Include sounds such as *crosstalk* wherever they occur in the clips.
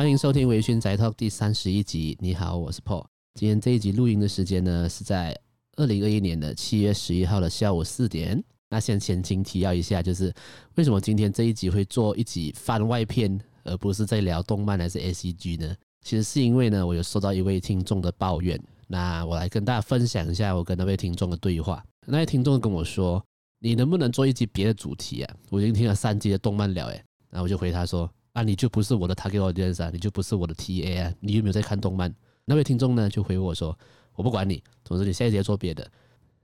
歡迎收聽《微醺宅 Talk》第三十一集。你好，我是 Paul。今天這一集錄音的時間呢，是在二零二一年的七月十一號的下午四點。那先前情提要一下，就是為什麼今天這一集會做一集番外篇，而不是在聊動漫還是 ACG 呢？其實是因為呢，我有收到一位聽眾的抱怨。那我來跟大家分享一下我跟那位聽眾的對話。那位聽眾跟我說：“你能不能做一集別的主題啊？我已經聽了三集的動漫聊，誒，然後我就回他說。那你就不是我的，target audience 我認識啊，你就不是我的 T A 啊，啊。你有沒有在看動漫？那位聽眾呢，就回我說，我不管你，總之你下一集要做別的。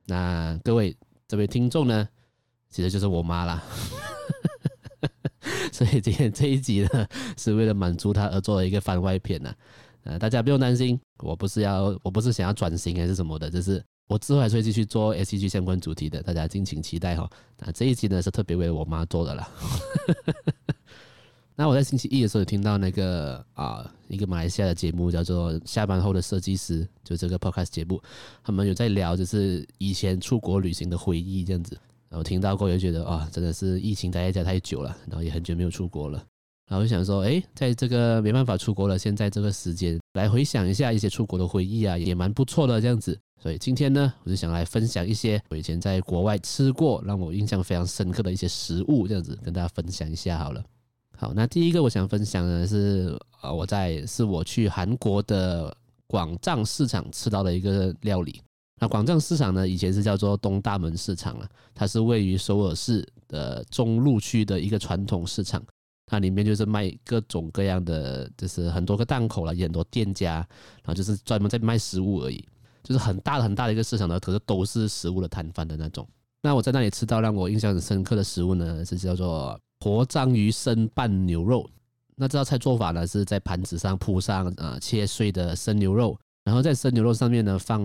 那各位這位聽眾呢，其實就是我媽啦。 *laughs* 所以今天這一集呢，是為了滿足她而做了一個番外篇呢、啊。大家不用擔心，我不是要，我不是想要轉型還是什麼的，就是我之後還是會繼續做 ACG 相關主題的，大家敬請期待哈、哦。那這一集呢，是特別為我媽做的啦。 *laughs* 那我在星期一的時候聽到那個啊，一個馬來西亞的節目叫做《下班後的設計師》，就這個 podcast 節目，他們有在聊就是以前出國旅行的回憶這樣子。然後聽到過，也覺得啊，真的是疫情待在家太久了，然後也很久沒有出國了。然後我就想說，哎，在這個沒辦法出國了，現在這個時間來回想一下一些出國的回憶啊，也蠻不錯的這樣子。所以今天呢，我就想來分享一些我以前在國外吃過讓我印象非常深刻的一些食物這樣子，跟大家分享一下好了。好，那第一個我想分享的是，啊，我在是我去韓國的廣藏市場吃到的一個料理。那廣藏市場呢，以前是叫做東大門市場啊，它是位於首爾市的中路區的一個傳統市場。它裡面就是賣各種各樣的，就是很多個檔口啦，也很多店家，然後就是專門在賣食物而已，就是很大很大的一個市場呢，可是都是食物的攤販的那種。那我在那裡吃到讓我印象很深刻的食物呢，是叫做。活章魚生拌牛肉，那這道菜做法呢，是在盤子上鋪上啊、呃、切碎的生牛肉，然後在生牛肉上面呢放，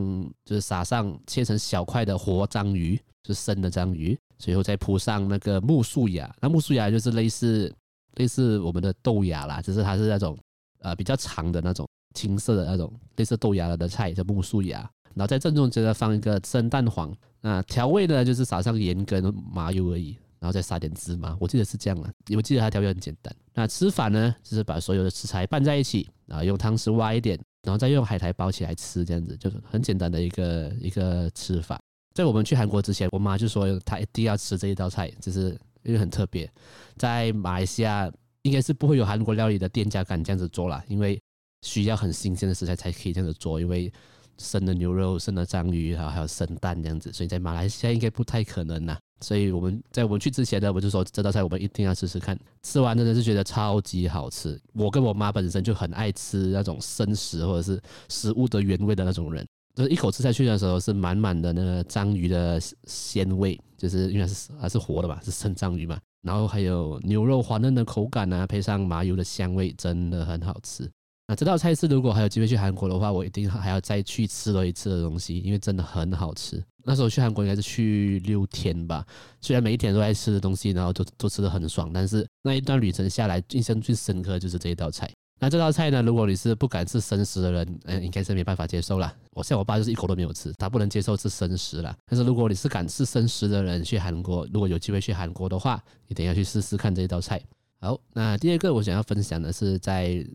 就是撒上切成小塊的活章魚，就生的章魚，最後再鋪上那個木樹芽，那木樹芽就是類似類似我們的豆芽啦，就是它是那種呃比較長的那種青色的那種類似豆芽的菜叫木樹芽，然後在正中間呢放一個生蛋黃，那調味呢就是撒上鹽跟麻油而已。然後再撒點芝麻，我記得是這樣啊。我記得它調味很簡單。那吃法呢，就是把所有的食材拌在一起啊，用湯匙挖一點，然後再用海苔包起來吃，這樣子就是很簡單的一個一個吃法。在我們去韓國之前，我媽就說她一定要吃這一道菜，就是因為很特別。在馬來西亞，應該是不會有韓國料理的店家敢這樣子做啦，因為需要很新鮮的食材才可以這樣子做，因為生的牛肉、生的章魚，然後還有生蛋這樣子，所以在馬來西亞應該不太可能啦、啊。所以我們在我們去之前呢，我就說這道菜我們一定要試試看。吃完真的是覺得超級好吃。我跟我媽本身就很愛吃那種生食或者是食物的原味的那種人，就是一口吃下去的時候是滿滿的那個章魚的鮮味，就是因為是還是活的嘛，是生章魚嘛。然後還有牛肉滑嫩的口感啊，配上麻油的香味，真的很好吃。那這道菜是，如果還有機會去韓國的話，我一定還要再去吃了一次的東西，因為真的很好吃。那時候去韓國應該是去六天吧，雖然每一天都在吃的東西，然後都都吃得很爽，但是那一段旅程下來，印象最深刻就是這一道菜。那這道菜呢，如果你是不敢吃生食的人，嗯，應該是沒辦法接受啦。我現在我爸就是一口都沒有吃，他不能接受吃生食啦。但是如果你是敢吃生食的人，去韓國，如果有機會去韓國的話，你等一下去試試看這一道菜。好，那第二個我想要分享的是在。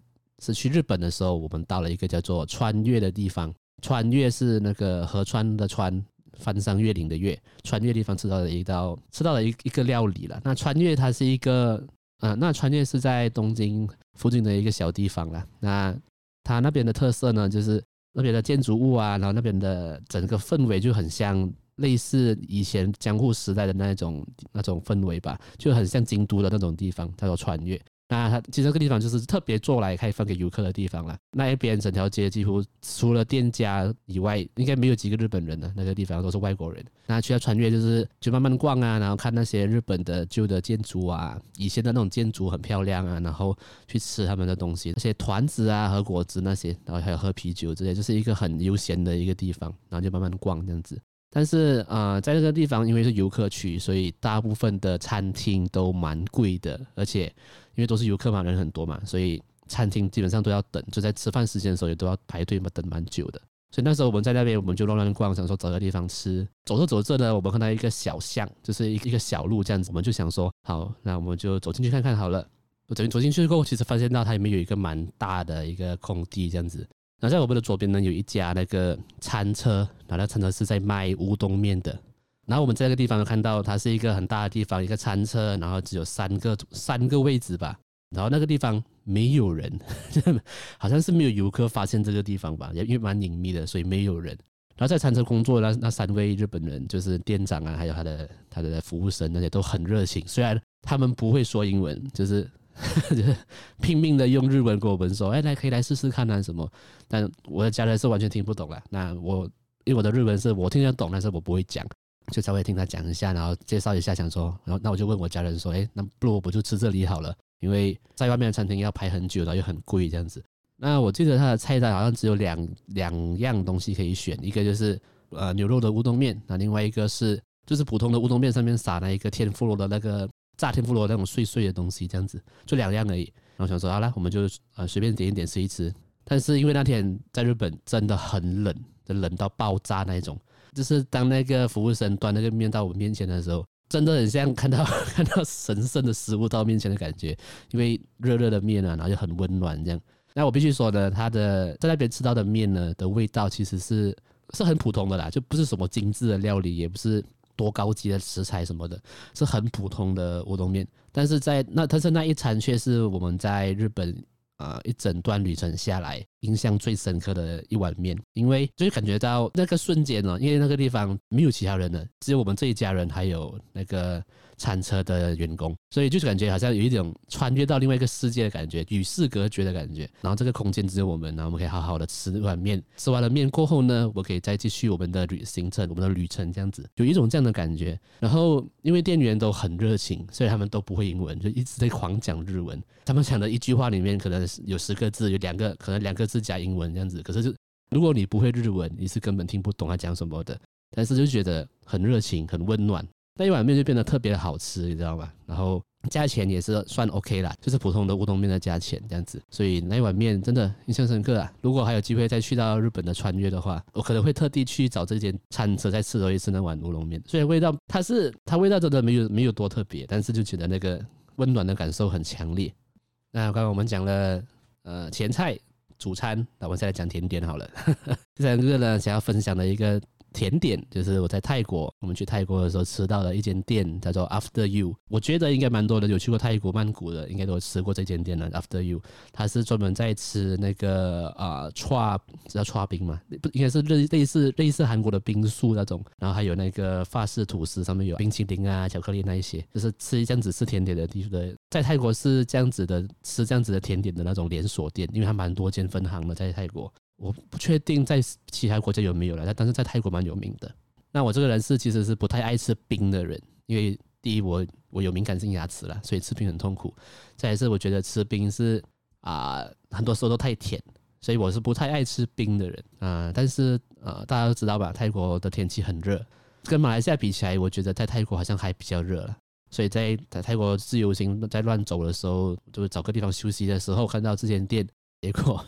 是去日本的時候，我們到了一個叫做“川越”的地方。川越是那個河川的川，翻山越嶺的越。川越地方吃到了一道，吃到了一一個料理了。那川越它是一個、呃，那川越是在東京附近的一個小地方了。那它那邊的特色呢，就是那邊的建築物啊，然後那邊的整個氛圍就很像類似以前江戶時代的那一種那種氛圍吧，就很像京都的那種地方，叫做川越。那其實這個地方就是特別做來開放給遊客的地方了。那一邊整條街幾乎除了店家以外，應該沒有幾個日本人了。那個地方都是外國人。那去要川越就是就慢慢逛啊，然後看那些日本的舊的建築啊，以前的那種建築很漂亮啊。然後去吃他們的東西，那些團子啊、和果子那些，然後還有喝啤酒之類，就是一個很悠閒的一個地方。然後就慢慢逛這樣子。但是啊，呃，在這個地方因為是遊客區，所以大部分的餐廳都蠻貴的，而且因為都是遊客嘛，人很多嘛，所以餐廳基本上都要等，就在吃飯時間的時候也都要排隊嘛，等蠻久的。所以那時候我們在那邊，我們就亂亂逛，想說找個地方吃。走着走着呢，我們看到一個小巷，就是一個小路這樣子，我們就想說，好，那我們就走進去看看好了。我走進走進去過後，其實發現到它裡面有一個蠻大的一個空地這樣子。那在我們的左邊呢，有一家那個餐車，然後那餐車是在賣烏冬麵的。然後我們在那個地方看到，它是一個很大的地方，一個餐車，然後只有三個三個位置吧。然後那個地方沒有人，好像是沒有遊客發現這個地方吧，也因為蠻隱秘的，所以沒有人。然後在餐車工作那那三位日本人，就是店長啊，還有他的他的服務生那些都很熱情，雖然他們不會說英文，就是。 *laughs* 就是拼命的用日文跟我們說，哎，來可以來試試看啊什麼？但我的家人是完全聽不懂啦。那我因為我的日文是我聽得懂，但是我不會講，就才會聽他講一下，然後介紹一下，想說，然後那我就問我家人說，哎，那不如我不就吃這裡好了，因為在外面的餐廳要排很久，然後又很貴這樣子。那我記得他的菜單好像只有兩兩樣東西可以選，一個就是呃牛肉的烏冬面，那另外一個是就是普通的烏冬面上面撒了一個天婦羅的那個。炸天婦羅那種碎碎的東西，這樣子就兩樣而已。然後我想說好了，我們就呃隨便點一點吃一吃。但是因為那天在日本真的很冷，就冷到爆炸那一種。就是當那個服務生端那個面到我面前的時候，真的很像看到看到神聖的食物到面前的感覺。因為熱熱的面啊，然後就很溫暖這樣。那我必須說呢，他的在那邊吃到的面呢，的味道其實是是很普通的啦，就不是什麼精致的料理，也不是。多高級的食材什麼的，是很普通的烏冬麵，但是在那，但是那一餐卻是我們在日本啊、呃、一整段旅程下來。印象最深刻的一碗麵，因為就是感覺到那個瞬間呢，因為那個地方沒有其他人了，只有我們這一家人，還有那個餐車的員工，所以就是感覺好像有一種穿越到另外一個世界的感覺，與世隔絕的感覺。然後這個空間只有我們，然後我們可以好好的吃一碗麵。吃完了麵過後呢，我可以再繼續我們的旅行程，我們的旅程這樣子，有一種這樣的感覺。然後因為店員都很熱情，所以他們都不會英文，就一直在狂講日文。他們講的一句話裡面可能有十個字，有兩個可能兩個字，是加英文這樣子，可是就如果你不會日文，你是根本聽不懂他講什麼的。但是就覺得很熱情，很溫暖，那一碗麵就變得特別的好吃，你知道嗎？然後價錢也是算 OK 啦，就是普通的烏冬麵的價錢這樣子。所以那一碗麵真的印象深刻啊！如果還有機會再去到日本的穿越的話，我可能會特地去找這間餐車再吃多一次那碗烏冬麵。雖然味道它是它味道真的沒有沒有多特別，但是就覺得那個溫暖的感受很強烈。那剛剛我們講了呃前菜。主餐，那我們再來講甜點好了呵呵。第三個呢，想要分享的一個，甜點就是我在泰國，我們去泰國的時候吃到的一間店，叫做 After You。我覺得應該蠻多人有去過泰國曼谷的，應該都吃過這間店了。After You，它是專門在吃那個啊、呃，知叫剉冰嘛，不應該是類類似類似韓國的冰素那種，然後還有那個法式吐司，上面有冰淇淋啊、巧克力那一些，就是吃這樣子吃甜點的地方。在泰國是這樣子的，吃這樣子的甜點的那種連鎖店，因為它蠻多間分行嘛，在泰國。我不確定在其他國家有沒有了，但是在泰國蠻有名的。那我這個人是其實是不太愛吃冰的人，因為第一，我我有敏感性牙齒了，所以吃冰很痛苦。再來是我覺得吃冰是啊、呃，很多時候都太甜，所以我是不太愛吃冰的人。啊、呃。但是呃，大家都知道吧，泰國的天氣很熱，跟馬來西亞比起來，我覺得在泰國好像還比較熱了。所以在在泰國自由行在亂走的時候，就是找個地方休息的時候，看到這間店，結果。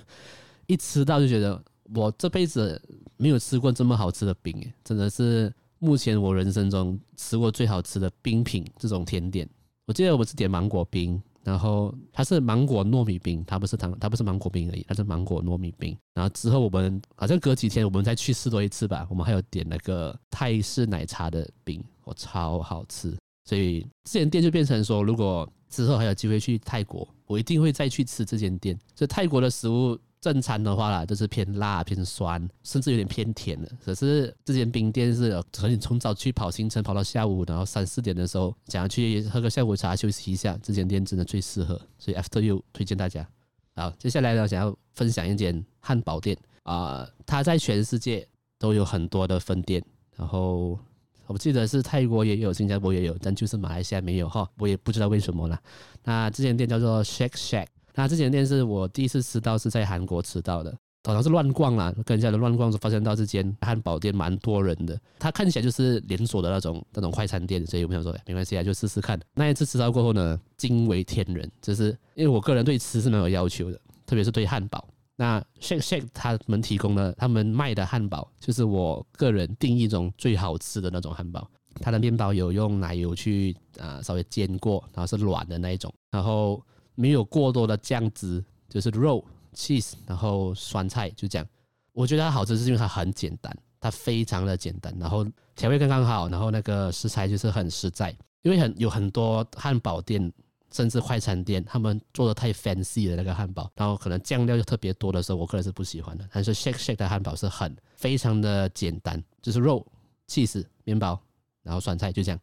一吃到就覺得我這輩子沒有吃過這麼好吃的冰哎，真的是目前我人生中吃過最好吃的冰品這種甜點。我記得我們是點芒果冰，然後它是芒果糯米冰，它不是糖，它不是芒果冰而已，它是芒果糯米冰。然後之後我們好像隔幾天我們再去試多一次吧，我們還有點那個泰式奶茶的冰，我超好吃。所以這間店就變成說，如果之後還有機會去泰國，我一定會再去吃這間店。所以泰國的食物。正餐的話啦，就是偏辣、偏酸，甚至有點偏甜的。可是這間冰店是，如果你從早去跑行程，跑到下午，然後三四點的時候，想要去喝個下午茶休息一下，這間店真的最適合。所以 After You 推薦大家。好，接下來呢，想要分享一間漢堡店啊、呃，它在全世界都有很多的分店。然後我記得是泰國也有，新加坡也有，但就是馬來西亞沒有哈，我也不知道為什麼啦。那這間店叫做 Shake Shack。那這間店是我第一次吃到，是在韓國吃到的。當時是亂逛啊，跟人家的亂逛就發現到這間漢堡店蠻多人的。它看起來就是連鎖的那種那種快餐店，所以我想說、哎、沒關係啊，就試試看。那一次吃到過後呢，驚為天人。就是因為我個人對吃是蠻有要求的，特別是對漢堡。那 Shake Shake 他們提供的、他們賣的漢堡，就是我個人定義中最好吃的那種漢堡。它的麵包有用奶油去啊、呃、稍微煎過，然後是軟的那一種，然後。沒有過多的醬汁，就是肉、cheese，然後酸菜就這樣。我覺得它好吃是因為它很簡單，它非常的簡單，然後調味剛剛好，然後那個食材就是很實在。因為很有很多漢堡店，甚至快餐店，他們做的太 fancy 的那個漢堡，然後可能醬料又特別多的時候，我個人是不喜歡的。但是 shake shake 的漢堡是很非常的簡單，就是肉、cheese、麵包，然後酸菜就這樣，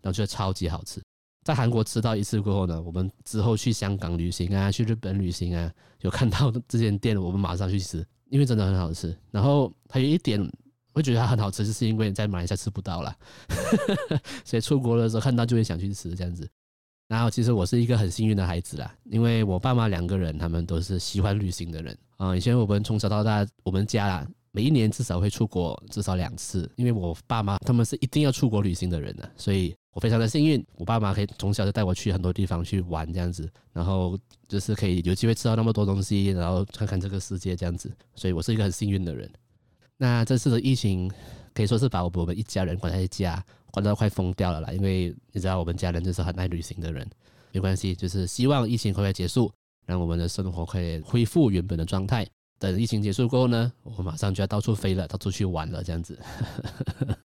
然後覺得超級好吃。在韓國吃到一次過後呢，我們之後去香港旅行啊，去日本旅行啊，有看到這間店，我們馬上去吃，因為真的很好吃。然後還有一點會覺得它很好吃，就是因為你在馬來西亞吃不到啦， *laughs* 所以出國的時候看到就會想去吃這樣子。然後其實我是一個很幸運的孩子啦，因為我爸媽兩個人他們都是喜歡旅行的人啊，以前我們從小到大，我們家啦每一年至少會出國至少兩次，因為我爸媽他們是一定要出國旅行的人的，所以。我非常的幸運，我爸媽可以從小就帶我去很多地方去玩這樣子，然後就是可以有機會吃到那麼多東西，然後看看這個世界這樣子，所以我是一個很幸運的人。那這次的疫情可以說是把我們一家人關在家，關到快瘋掉了啦。因為你知道，我們家人就是很愛旅行的人。沒關係，就是希望疫情快快結束，讓我們的生活可以恢復原本的狀態。等疫情結束過後呢，我馬上就要到處飛了，到處去玩了這樣子。呵呵呵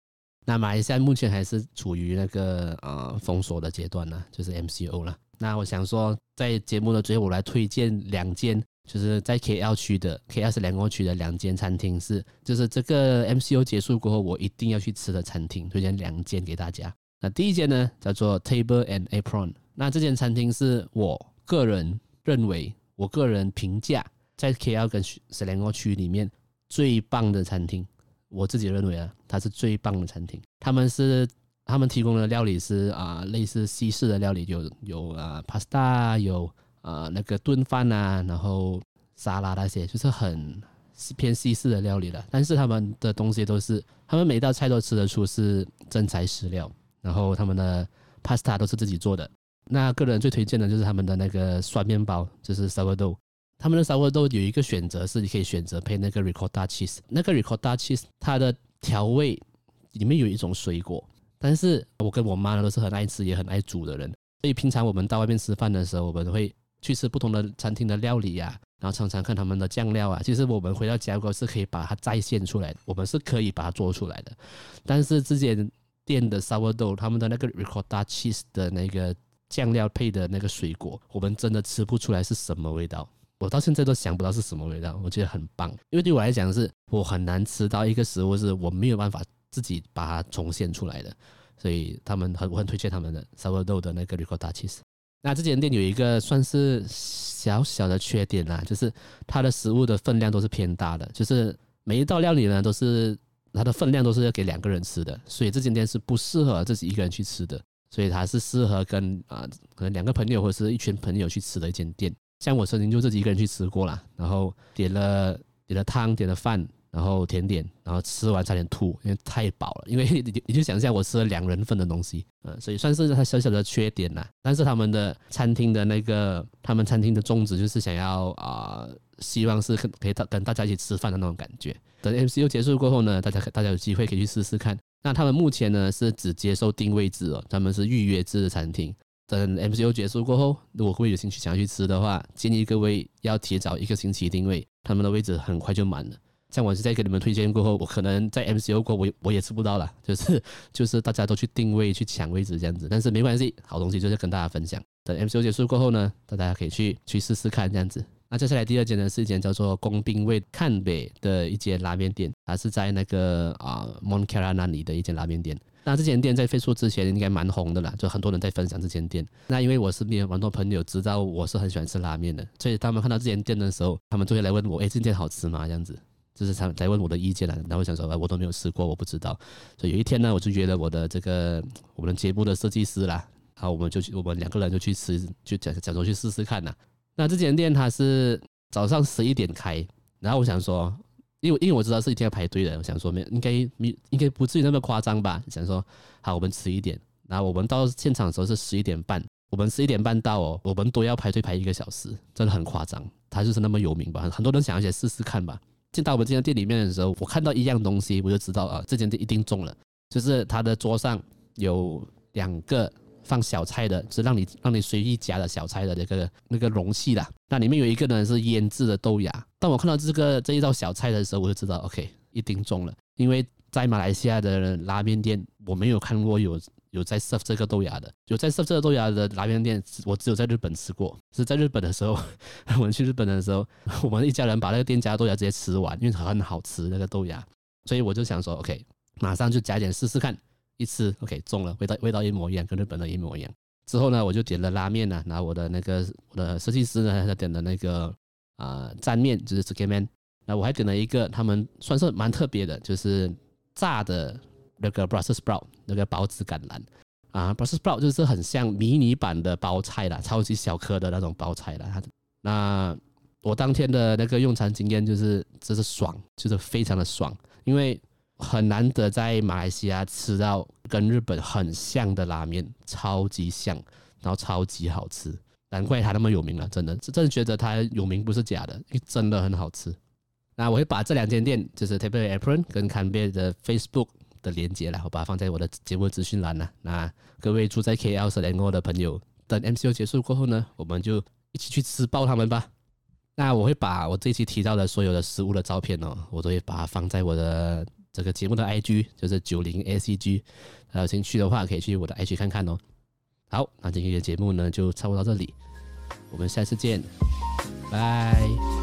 那馬來西亞目前還是處於那個呃封鎖的階段啦，就是 MCO 啦。那我想說，在節目的最後，我來推薦兩間，就是在 KL 區的 KL Selangor 區的兩間餐廳是，是就是這個 MCO 結束過後，我一定要去吃的餐廳，推薦兩間給大家。那第一間呢，叫做 Table and Apron。那這間餐廳是我個人認為，我個人評價在 KL 跟 Selangor 區裡面最棒的餐廳。我自己認為啊，它是最棒的餐廳。他們是他們提供的料理是啊、呃，類似西式的料理，有有啊、呃、pasta，有啊、呃、那個燉飯吶、啊，然後沙拉那些，就是很偏西式的料理了。但是他們的東西都是，他們每道菜都吃得出是真材實料。然後他們的 pasta 都是自己做的。那個人最推薦的就是他們的那個酸麵包，就是 sourdough。他們的 sourdough 有一個選擇是，你可以選擇配那個 ricotta cheese。那個 ricotta cheese 它的調味裡面有一種水果，但是我跟我媽呢都是很愛吃也很愛煮的人，所以平常我們到外面吃飯的時候，我們會去吃不同的餐廳的料理呀、啊，然後常常看他們的醬料啊。其實我們回到家後是可以把它再現出來，我們是可以把它做出來的。但是這間店的 sourdough 他們的那個 ricotta cheese 的那個醬料配的那個水果，我們真的吃不出來是什麼味道。我到現在都想不到是什麼味道，我覺得很棒。因為對我來講是，是我很難吃到一個食物，是我沒有辦法自己把它重現出來的。所以他們很，我很推薦他們的 sourdough 的那個 ricotta cheese，其實那這間店有一個算是小小的缺點啦、啊，就是它的食物的分量都是偏大的，就是每一道料理呢都是它的分量都是要給兩個人吃的，所以這間店是不適合自己一個人去吃的，所以它是適合跟啊、呃、可能兩個朋友或者是一群朋友去吃的一間店。像我曾經就自己一個人去吃過啦，然後點了點了湯，點了飯，然後甜點，然後吃完差點吐，因為太飽了。因為你就，你就想一下，我吃了兩人份的東西，嗯、呃，所以算是它小小的缺點啦。但是他們的餐廳的那個，他們餐廳的宗旨就是想要啊、呃，希望是可以跟大家一起吃飯的那種感覺。等 MCO 結束過後呢，大家大家有機會可以去試試看。那他們目前呢是只接受訂位置哦，他們是預約制的餐廳。等 MCO 結束過後，如果各位有興趣想要去吃的話，建議各位要提早一個星期定位，他們的位置很快就滿了。像我是在給你們推薦過後，我可能在 MCO 過後我，我也吃不到了，就是就是大家都去定位去搶位置這樣子。但是沒關係，好東西就是跟大家分享。等 MCO 結束過後呢，大家可以去去試試看這樣子。那接下來第二間呢，是一間叫做官兵衛 KANBE 的一間拉麵店，還是在那個啊 Mont Kiara 那裡的一間拉麵店。那這間店在 Facebook 之前應該蠻紅的啦，就很多人在分享這間店。那因為我身邊有很多朋友知道我是很喜歡吃拉麵的，所以他們看到這間店的時候，他們就會來問我：哎，這間好吃嗎？這樣子，就是他們來問我的意見啦。然後我想說，啊，我都沒有吃過，我不知道。所以有一天呢，我就約了我的這個我們節目的設計師啦，然後我們就去，我們兩個人就去吃，就講講說去試試看啦。那這間店它是早上十一點開，然後我想說。因為因為我知道是一定要排隊的，我想說沒應該沒應該不至於那麼誇張吧？想說好，我們遲一點，然後我們到現場的時候是十一點半，我們十一點半到哦，我們都要排隊排一個小時，真的很誇張，他就是那麼有名吧？很多人想要去試試看吧。進到我們這家店裡面的時候，我看到一樣東西，我就知道啊，這間店一定中了，就是他的桌上有兩個。放小菜的是讓你讓你隨意夾的小菜的那個那個容器啦，那裡面有一個呢是醃製的豆芽。當我看到這個這一道小菜的時候，我就知道 OK 一定中了，因為在馬來西亞的拉麵店我沒有看過有有在 serve 這個豆芽的，有在 serve 這個豆芽的拉麵店，我只有在日本吃過。是在日本的時候，我們去日本的時候，我們一家人把那個店家豆芽直接吃完，因為很好吃那個豆芽，所以我就想說 OK，馬上就夾點試試看。一次，OK，中了，味道味道一模一樣，跟日本人一模一樣。之後呢，我就點了拉面呢、啊，然後我的那個我的設計師呢，他點的那個啊，蘸、呃、面就是つけ麺。那我還點了一個，他們算是蠻特別的，就是炸的那個 Brussels sprout，那個抱子甘藍啊 Brussels sprout 就是很像迷你版的包菜啦，超級小顆的那種包菜啦。那我當天的那個用餐經驗就是，就是爽，就是非常的爽，因為。很難得在馬來西亞吃到跟日本很像的拉麵，超級像，然後超級好吃，難怪它那麼有名了，真的，真的覺得它有名不是假的，因為真的很好吃。那我會把這兩間店，就是 Table & Apron 跟 Kanbe 的 Facebook 的連接，然後把它放在我的節目資訊欄。那各位住在 KL 和 MCO 的，、NO、的朋友，等 MCO 結束過後呢，我們就一起去吃爆他們吧。那我會把我這一期提到的所有的食物的照片呢、哦，我都會把它放在我的。這個節目的 IG 就是九零 ACG，有興趣的話可以去我的 IG 看看哦。好，那今天的節目呢，就差不多到這裡，我們下次見，拜。